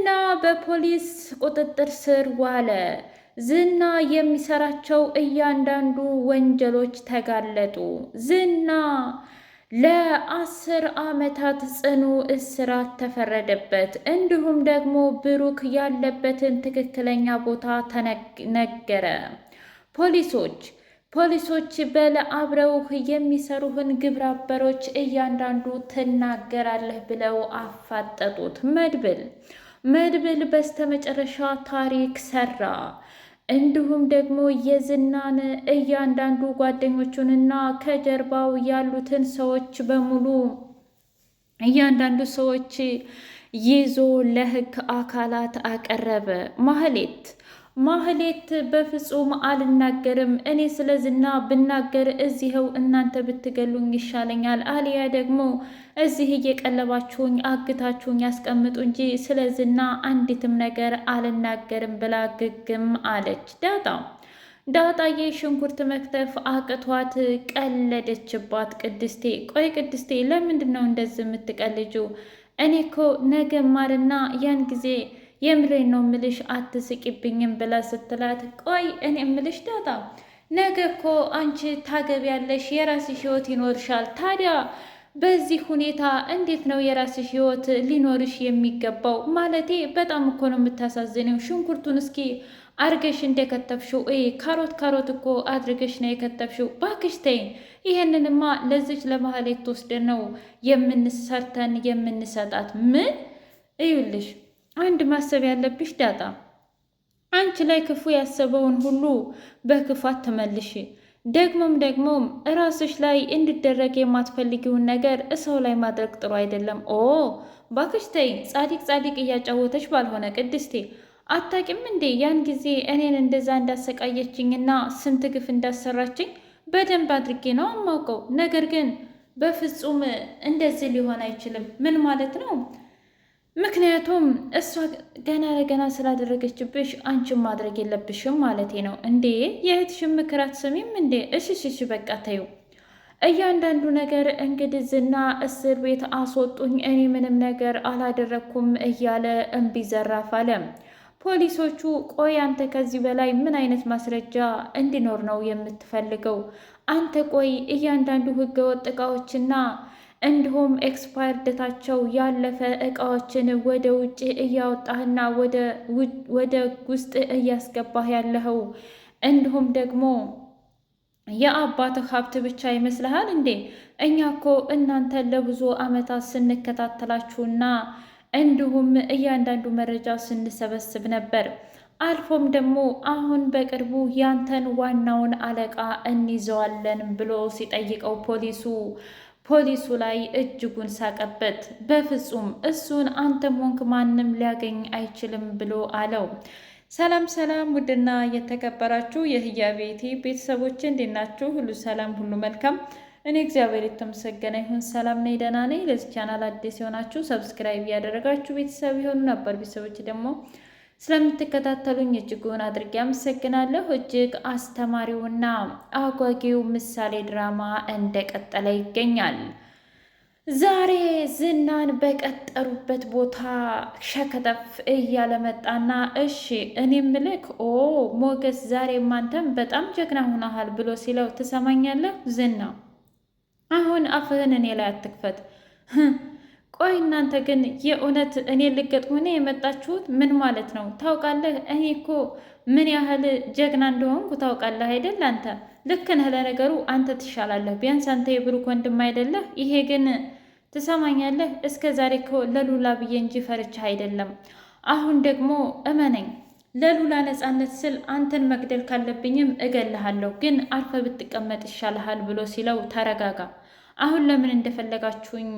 ዝና በፖሊስ ቁጥጥር ስር ዋለ። ዝና የሚሰራቸው እያንዳንዱ ወንጀሎች ተጋለጡ። ዝና ለአስር ዓመታት ጽኑ እስራት ተፈረደበት። እንዲሁም ደግሞ ብሩክ ያለበትን ትክክለኛ ቦታ ተነገረ። ፖሊሶች ፖሊሶች በለ አብረውህ የሚሰሩህን ግብረ እያንዳንዱ ትናገራለህ ብለው አፋጠጡት መድብል መድብል በስተመጨረሻ ታሪክ ሰራ። እንዲሁም ደግሞ የዝናን እያንዳንዱ ጓደኞቹንና ከጀርባው ያሉትን ሰዎች በሙሉ እያንዳንዱ ሰዎች ይዞ ለሕግ አካላት አቀረበ። ማህሌት ማህሌት በፍጹም አልናገርም። እኔ ስለ ዝና ብናገር እዚህው እናንተ ብትገሉኝ ይሻለኛል፣ አሊያ ደግሞ እዚህ እየቀለባችሁኝ አግታችሁኝ ያስቀምጡ እንጂ ስለ ዝና አንዲትም ነገር አልናገርም ብላ ግግም አለች። ዳጣ ዳጣዬ ሽንኩርት መክተፍ አቅቷት ቀለደችባት ቅድስቴ። ቆይ ቅድስቴ ለምንድን ነው እንደዚህ የምትቀልጁ? እኔ እኮ ነገ ማርና ያን ጊዜ የምሬ ነው ምልሽ አትስቂብኝም ብላ ስትላት፣ ቆይ እኔ ምልሽ ዳጣ ነገ እኮ አንቺ ታገቢያለሽ የራስሽ ህይወት ይኖርሻል። ታዲያ በዚህ ሁኔታ እንዴት ነው የራስሽ ህይወት ሊኖርሽ የሚገባው? ማለቴ በጣም እኮ ነው የምታሳዝነው። ሽንኩርቱን እስኪ አድርገሽ እንደከተፍሽው እ ካሮት ካሮት እኮ አድርገሽ ነው የከተፍሽው። ባክሽ ተይን። ይሄንንማ ለዚች ለመሀሌት ወስደን ነው የምንሰርተን የምንሰጣት። ምን እዩልሽ አንድ ማሰብ ያለብሽ ዳጣ፣ አንቺ ላይ ክፉ ያሰበውን ሁሉ በክፋት ተመልሽ። ደግሞም ደግሞም እራስሽ ላይ እንዲደረግ የማትፈልጊውን ነገር እሰው ላይ ማድረግ ጥሩ አይደለም። ኦ ባክሽ ተይ፣ ጻዲቅ ጻዲቅ እያጫወተች ባልሆነ። ቅድስቴ አታቂም እንዴ ያን ጊዜ እኔን እንደዛ እንዳሰቃየችኝና ስንት ግፍ እንዳሰራችኝ በደንብ አድርጌ ነው የማውቀው። ነገር ግን በፍጹም እንደዚህ ሊሆን አይችልም። ምን ማለት ነው? ምክንያቱም እሷ ገና ለገና ስላደረገችብሽ አንቺን ማድረግ የለብሽም ማለቴ ነው። እንዴ የእህትሽን ምክር አትሰሚም እንዴ? እሽሽሽ በቃ ተዩ። እያንዳንዱ ነገር እንግዲህ ዝና እስር ቤት አስወጡኝ፣ እኔ ምንም ነገር አላደረግኩም እያለ እምቢ ዘራፍ አለ። ፖሊሶቹ ቆይ አንተ ከዚህ በላይ ምን አይነት ማስረጃ እንዲኖር ነው የምትፈልገው? አንተ ቆይ እያንዳንዱ ህገወጥ እቃዎችና እንዲሁም ኤክስፓየር ደታቸው ያለፈ እቃዎችን ወደ ውጭ እያወጣህና ወደ ውስጥ እያስገባህ ያለኸው እንዲሁም ደግሞ የአባትህ ሀብት ብቻ ይመስልሃል እንዴ? እኛ እኮ እናንተ ለብዙ ዓመታት ስንከታተላችሁና እንዲሁም እያንዳንዱ መረጃ ስንሰበስብ ነበር። አልፎም ደግሞ አሁን በቅርቡ ያንተን ዋናውን አለቃ እንይዘዋለን ብሎ ሲጠይቀው ፖሊሱ ፖሊሱ ላይ እጅጉን ሳቀበት። በፍጹም እሱን አንተም ሆንክ ማንም ሊያገኝ አይችልም ብሎ አለው። ሰላም ሰላም፣ ውድና የተከበራችሁ የህያ ቤቴ ቤተሰቦች እንዴት ናችሁ? ሁሉ ሰላም፣ ሁሉ መልካም። እኔ እግዚአብሔር የተመሰገነ ይሁን ሰላም ነኝ፣ ደህና ነኝ። ለዚህ ቻናል አዲስ የሆናችሁ ሰብስክራይብ እያደረጋችሁ ቤተሰብ የሆኑ ነበር ቤተሰቦች ደግሞ ስለምትከታተሉኝ እጅጉን አድርጌ አመሰግናለሁ። እጅግ አስተማሪውና አጓጊው ምሳሌ ድራማ እንደቀጠለ ይገኛል። ዛሬ ዝናን በቀጠሩበት ቦታ ሸከተፍ እያለ መጣና እሺ እኔ ምልክ ኦ ሞገስ ዛሬ ማንተም በጣም ጀግና ሆነሃል ብሎ ሲለው ትሰማኛለህ ዝና አሁን አፍህን እኔ ላይ አትክፈት ቆይ እናንተ ግን የእውነት እኔ ልገጥሙ ነው የመጣችሁት? ምን ማለት ነው? ታውቃለህ እኔ እኮ ምን ያህል ጀግና እንደሆንኩ ታውቃለህ አይደል? አንተ ልክ ነህ። ለነገሩ አንተ ትሻላለህ፣ ቢያንስ አንተ የብሩክ ወንድም አይደለህ። ይሄ ግን ትሰማኛለህ፣ እስከ ዛሬ ለሉላ ብዬ እንጂ ፈርቻ አይደለም። አሁን ደግሞ እመነኝ፣ ለሉላ ነፃነት ስል አንተን መግደል ካለብኝም እገልሃለሁ፣ ግን አርፈ ብትቀመጥ ይሻልሃል ብሎ ሲለው ተረጋጋ፣ አሁን ለምን እንደፈለጋችሁኝ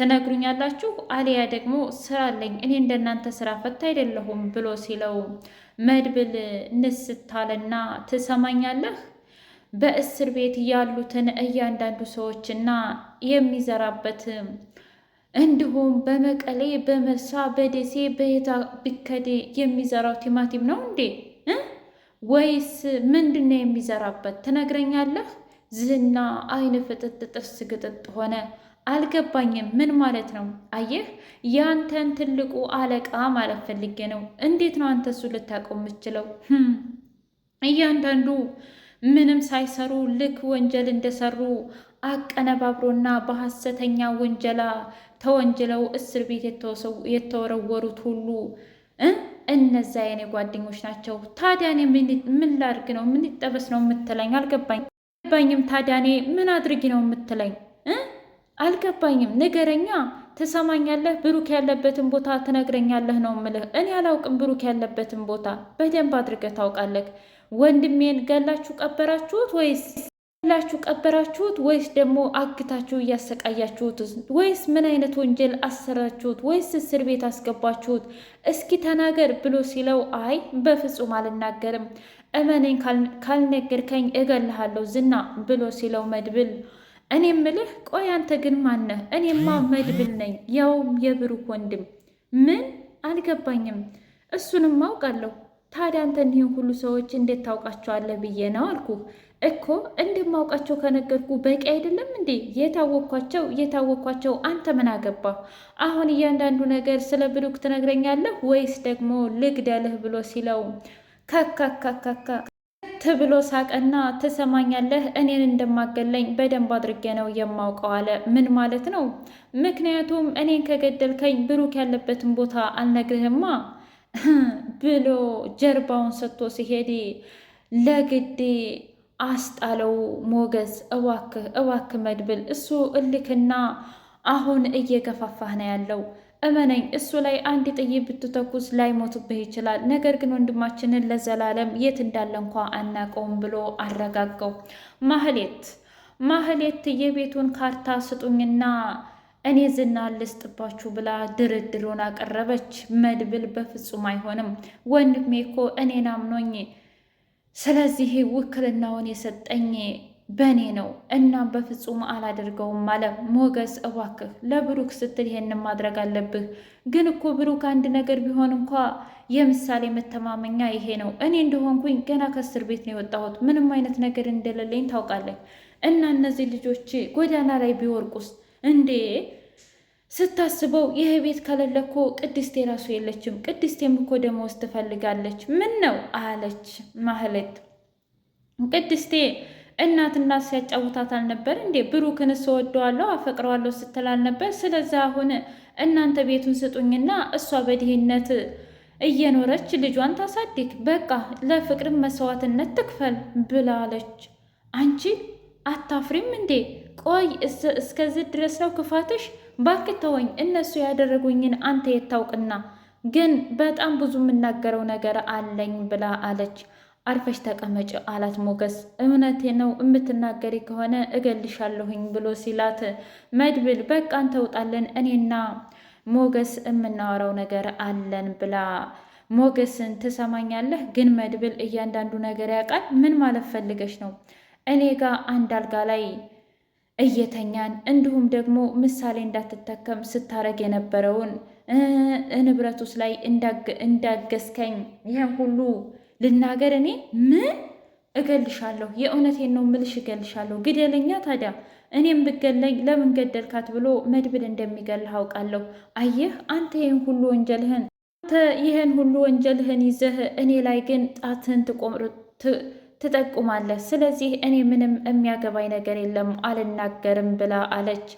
ትነግሩኛላችሁ፣ አሊያ ደግሞ ስራ አለኝ እኔ እንደናንተ ስራ ፈታ አይደለሁም ብሎ ሲለው መድብል ንስታለና ትሰማኛለህ በእስር ቤት ያሉትን እያንዳንዱ ሰዎችና የሚዘራበት እንዲሁም በመቀሌ በመርሳ በደሴ በየታ ብከዴ የሚዘራው ቲማቲም ነው እንዴ ወይስ ምንድን ነው የሚዘራበት? ትነግረኛለህ? ዝና አይን ፍጥጥ ጥርስ ግጥጥ ሆነ። አልገባኝም። ምን ማለት ነው? አየህ ያንተን ትልቁ አለቃ ማለት ፈልጌ ነው። እንዴት ነው አንተ እሱ ልታውቀው የምችለው? Hm፣ እያንዳንዱ ምንም ሳይሰሩ ልክ ወንጀል እንደሰሩ አቀነባብሮና በሐሰተኛ ወንጀላ ተወንጅለው እስር ቤት የተወረወሩት ሁሉ እነዛ የኔ ጓደኞች ናቸው። ታዲያ እኔ ምን ላድርግ ነው? ምን ይጠበስ ነው የምትለኝ? አልገባኝም። ታዲያ እኔ ምን አድርጊ ነው የምትለኝ? አልገባኝም፣ ንገረኛ። ትሰማኛለህ? ብሩክ ያለበትን ቦታ ትነግረኛለህ ነው ምልህ። እኔ አላውቅም ብሩክ ያለበትን ቦታ። በደንብ አድርገህ ታውቃለህ። ወንድሜን ገላችሁ ቀበራችሁት ወይስ ላችሁ ቀበራችሁት ወይስ ደግሞ አግታችሁ እያሰቃያችሁት ወይስ ምን አይነት ወንጀል አሰራችሁት ወይስ እስር ቤት አስገባችሁት? እስኪ ተናገር ብሎ ሲለው አይ በፍጹም አልናገርም፣ እመነኝ ካልነገርከኝ እገልሃለሁ ዝና ብሎ ሲለው መድብል እኔ ምልህ ቆይ አንተ ግን ማነህ? እኔማ መድብል ነኝ፣ ያውም የብሩክ ወንድም። ምን አልገባኝም። እሱንም አውቃለሁ። ታዲያ አንተ እኒህን ሁሉ ሰዎች እንዴት ታውቃቸዋለህ ብዬ ነው አልኩ እኮ። እንደማውቃቸው ከነገርኩ በቂ አይደለም እንዴ? የታወቅኳቸው የታወኳቸው አንተ ምን አገባ? አሁን እያንዳንዱ ነገር ስለ ብሩክ ትነግረኛለህ ወይስ ደግሞ ልግደልህ ብሎ ሲለው ከካካካካ ትብሎ ብሎ ሳቀና ትሰማኛለህ፣ እኔን እንደማገለኝ በደንብ አድርጌ ነው የማውቀው አለ። ምን ማለት ነው? ምክንያቱም እኔን ከገደልከኝ ብሩክ ያለበትን ቦታ አልነግርህማ ብሎ ጀርባውን ሰጥቶ ሲሄድ ለግዴ አስጣለው። ሞገስ እባክህ እባክህ መድብል፣ እሱ እልክና አሁን እየገፋፋህ ነው ያለው እመነኝ እሱ ላይ አንድ ጥይት ብትተኩስ ላይሞትብህ ይችላል። ነገር ግን ወንድማችንን ለዘላለም የት እንዳለ እንኳ አናቀውም ብሎ አረጋጋው። ማህሌት ማህሌት የቤቱን ካርታ ስጡኝና እኔ ዝና ልስጥባችሁ ብላ ድርድሩን አቀረበች። መድብል በፍጹም አይሆንም ወንድሜ እኮ እኔን አምኖኝ ስለዚህ ውክልናውን የሰጠኝ በእኔ ነው እና በፍጹም አላደርገውም አለ ሞገስ። እባክህ ለብሩክ ስትል ይሄንን ማድረግ አለብህ። ግን እኮ ብሩክ አንድ ነገር ቢሆን እንኳ የምሳሌ መተማመኛ ይሄ ነው። እኔ እንደሆንኩኝ ገና ከእስር ቤት ነው የወጣሁት። ምንም አይነት ነገር እንደሌለኝ ታውቃለህ። እና እነዚህ ልጆች ጎዳና ላይ ቢወርቁስ እንዴ? ስታስበው ይህ ቤት ከሌለ እኮ ቅድስቴ ራሱ የለችም። ቅድስቴም እኮ ደመወዝ ትፈልጋለች። ምን ነው አለች ማህሌት ቅድስቴ እናትና ሲያጫውታት አልነበር እንዴ? ብሩክን እወደዋለሁ አፈቅረዋለሁ ስትል አልነበር? ስለዚህ አሁን እናንተ ቤቱን ስጡኝና እሷ በድህነት እየኖረች ልጇን ታሳድግ፣ በቃ ለፍቅርም መስዋዕትነት ትክፈል ብላለች። አንቺ አታፍሪም እንዴ? ቆይ እስከዚህ ድረስ ነው ክፋትሽ? ባክተወኝ እነሱ ያደረጉኝን አንተ የታውቅና ግን በጣም ብዙ የምናገረው ነገር አለኝ ብላ አለች። አርፈሽ ተቀመጭ አላት ሞገስ። እውነቴ ነው የምትናገሪ ከሆነ እገልሻለሁኝ ብሎ ሲላት መድብል በቃ እንተውጣለን እኔና ሞገስ የምናወራው ነገር አለን ብላ ሞገስን ትሰማኛለህ ግን መድብል እያንዳንዱ ነገር ያውቃል። ምን ማለት ፈልገሽ ነው? እኔ ጋ አንድ አልጋ ላይ እየተኛን እንዲሁም ደግሞ ምሳሌ እንዳትተከም ስታረግ የነበረውን ንብረቱስ ላይ እንዳገዝከኝ ይህም ሁሉ ልናገር እኔ ምን እገልሻለሁ? የእውነቴን ነው ምልሽ እገልሻለሁ። ግደለኛ ታዲያ እኔም ብገለኝ ለምን ገደልካት ብሎ መድብል እንደሚገልህ አውቃለሁ። አየህ አንተ ይህን ሁሉ ወንጀልህን አንተ ይህን ሁሉ ወንጀልህን ይዘህ እኔ ላይ ግን ጣትን ትጠቁማለህ። ስለዚህ እኔ ምንም የሚያገባኝ ነገር የለም አልናገርም ብላ አለች።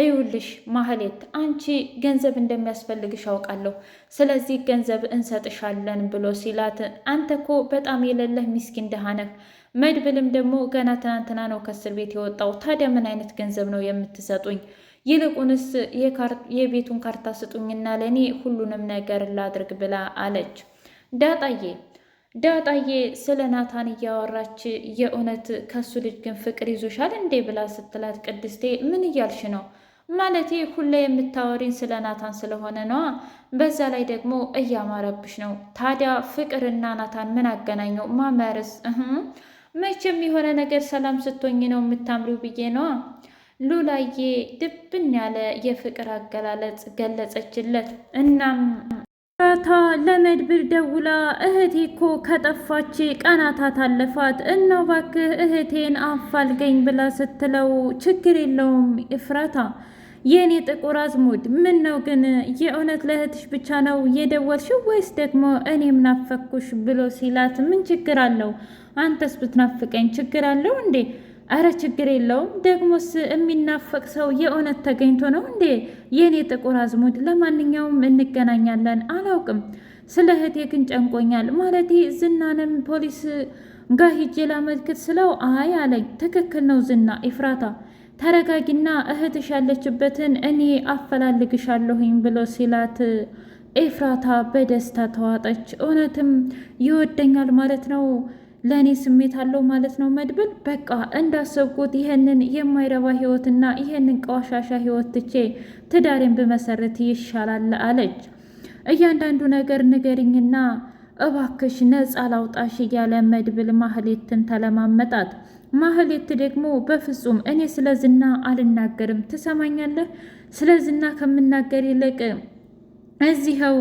እዩልሽ ማህሌት፣ አንቺ ገንዘብ እንደሚያስፈልግሽ አውቃለሁ። ስለዚህ ገንዘብ እንሰጥሻለን ብሎ ሲላት፣ አንተ እኮ በጣም የሌለህ ሚስኪን ደሃ ነህ። መድብልም ደግሞ ገና ትናንትና ነው ከእስር ቤት የወጣው። ታዲያ ምን አይነት ገንዘብ ነው የምትሰጡኝ? ይልቁንስ የቤቱን ካርታ ስጡኝና ለእኔ ሁሉንም ነገር ላድርግ ብላ አለች ዳጣዬ ዳጣዬ ስለ ናታን እያወራች የእውነት ከሱ ልጅ ግን ፍቅር ይዞሻል እንዴ ብላ ስትላት፣ ቅድስቴ ምን እያልሽ ነው? ማለቴ ሁሌ የምታወሪን ስለ ናታን ስለሆነ ነዋ። በዛ ላይ ደግሞ እያማረብሽ ነው። ታዲያ ፍቅርና ናታን ምን አገናኘው? ማመርስ መቼም የሆነ ነገር ሰላም ስትሆኝ ነው የምታምሪው ብዬ ነዋ። ሉላዬ ድብን ያለ የፍቅር አገላለጽ ገለጸችለት። እናም ራታ ለመድብር ደውላ እህቴ እኮ ከጠፋች ቀናታ ታለፋት እና እባክህ እህቴን አፋልገኝ ብላ ስትለው ችግር የለውም እፍራታ የእኔ ጥቁር አዝሙድ ምን ነው ግን የእውነት ለእህትሽ ብቻ ነው የደወልሽው ወይስ ደግሞ እኔም ናፈኩሽ ብሎ ሲላት ምን ችግር አለው አንተስ ብትናፍቀኝ ችግር አለው እንዴ አረ ችግር የለውም። ደግሞስ የሚናፈቅ ሰው የእውነት ተገኝቶ ነው እንዴ? የእኔ ጥቁር አዝሙድ፣ ለማንኛውም እንገናኛለን። አላውቅም፣ ስለ እህቴ ግን ጨንቆኛል። ማለቴ ዝናንም ፖሊስ ጋር ሂጄ ላመልክት ስለው አይ አለኝ። ትክክል ነው ዝና። ኢፍራታ ተረጋጊና እህትሽ ያለችበትን እኔ አፈላልግሻለሁኝ ብሎ ሲላት ኤፍራታ በደስታ ተዋጠች። እውነትም ይወደኛል ማለት ነው ለእኔ ስሜት አለው ማለት ነው መድብል። በቃ እንዳሰብኩት ይህንን የማይረባ ህይወትና ይህንን ቀዋሻሻ ህይወት ትቼ ትዳሬን ብመሰረት ይሻላል አለች። እያንዳንዱ ነገር ንገሪኝና እባክሽ ነፃ ላውጣሽ እያለ መድብል ማህሌትን ተለማመጣት። ማህሌት ደግሞ በፍጹም እኔ ስለ ዝና አልናገርም፣ ትሰማኛለህ? ስለ ዝና ከምናገር ይልቅ እዚኸው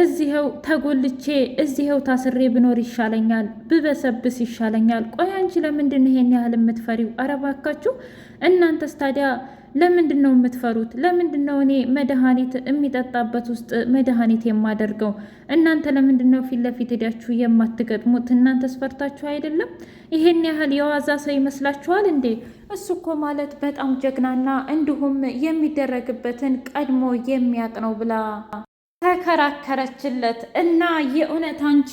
እዚኸው ተጎልቼ እዚኸው ታስሬ ብኖር ይሻለኛል፣ ብበሰብስ ይሻለኛል። ቆይ አንቺ ለምንድን ይሄን ያህል የምትፈሪው? ኧረ እባካችሁ እናንተስ ታዲያ ለምንድን ነው የምትፈሩት? ለምንድን ነው እኔ መድኃኒት የሚጠጣበት ውስጥ መድኃኒት የማደርገው? እናንተ ለምንድን ነው ፊት ለፊት ሄዳችሁ የማትገጥሙት? እናንተ ስፈርታችሁ አይደለም? ይሄን ያህል የዋዛ ሰው ይመስላችኋል እንዴ? እሱ እኮ ማለት በጣም ጀግናና እንዲሁም የሚደረግበትን ቀድሞ የሚያውቅ ነው ብላ ተከራከረችለት እና የእውነት አንቺ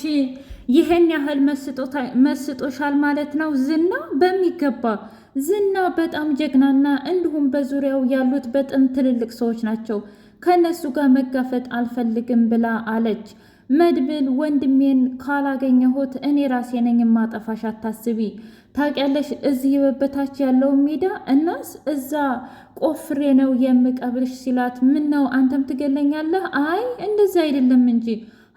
ይህን ያህል መስጦሻል ማለት ነው ዝና? በሚገባ ዝና በጣም ጀግናና እንዲሁም በዙሪያው ያሉት በጣም ትልልቅ ሰዎች ናቸው። ከእነሱ ጋር መጋፈጥ አልፈልግም ብላ አለች። መድብል ወንድሜን ካላገኘሁት እኔ ራሴ ነኝ ማጠፋሽ፣ አታስቢ። ታውቂያለሽ እዚህ በበታች ያለው ሜዳ እናስ እዛ ቆፍሬ ነው የምቀብርሽ ሲላት፣ ምን ነው አንተም ትገለኛለህ? አይ እንደዚህ አይደለም እንጂ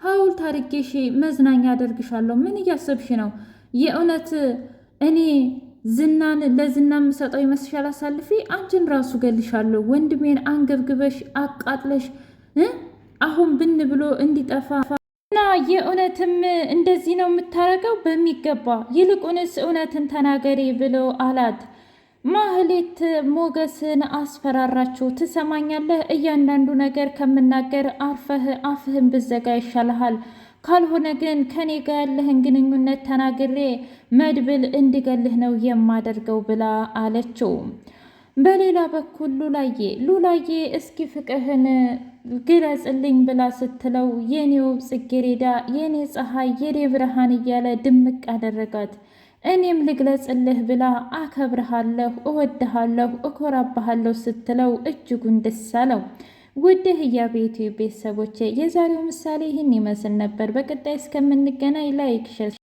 ሐውልት አድርጌሽ መዝናኛ አደርግሻለሁ። ምን እያሰብሽ ነው? የእውነት እኔ ዝናን ለዝና የምሰጠው ይመስሻል? አሳልፌ አንቺን ራሱ ገልሻለሁ። ወንድሜን አንገብግበሽ አቃጥለሽ አሁን ብን ብሎ እንዲጠፋ እና የእውነትም እንደዚህ ነው የምታረገው በሚገባ ይልቁንስ እውነትን ተናገሪ ብሎ አላት። ማህሌት ሞገስን አስፈራራችሁ። ትሰማኛለህ? እያንዳንዱ ነገር ከምናገር አርፈህ አፍህን ብዘጋ ይሻልሃል። ካልሆነ ግን ከኔ ጋር ያለህን ግንኙነት ተናግሬ መድብል እንድገልህ ነው የማደርገው ብላ አለችው። በሌላ በኩል ሉላዬ ሉላዬ እስኪ ፍቅህን ግለጽልኝ ብላ ስትለው የኔ ውብ ጽጌሬዳ፣ የኔ ፀሐይ፣ የኔ ብርሃን እያለ ድምቅ አደረጋት። እኔም ልግለጽልህ ብላ አከብርሃለሁ፣ እወድሃለሁ፣ እኮራባሃለሁ ስትለው እጅጉን ደስ አለው። ውድህ ቤቱ ቤተሰቦቼ የዛሬው ምሳሌ ይህን ይመስል ነበር። በቀጣይ እስከምንገናኝ ላይክ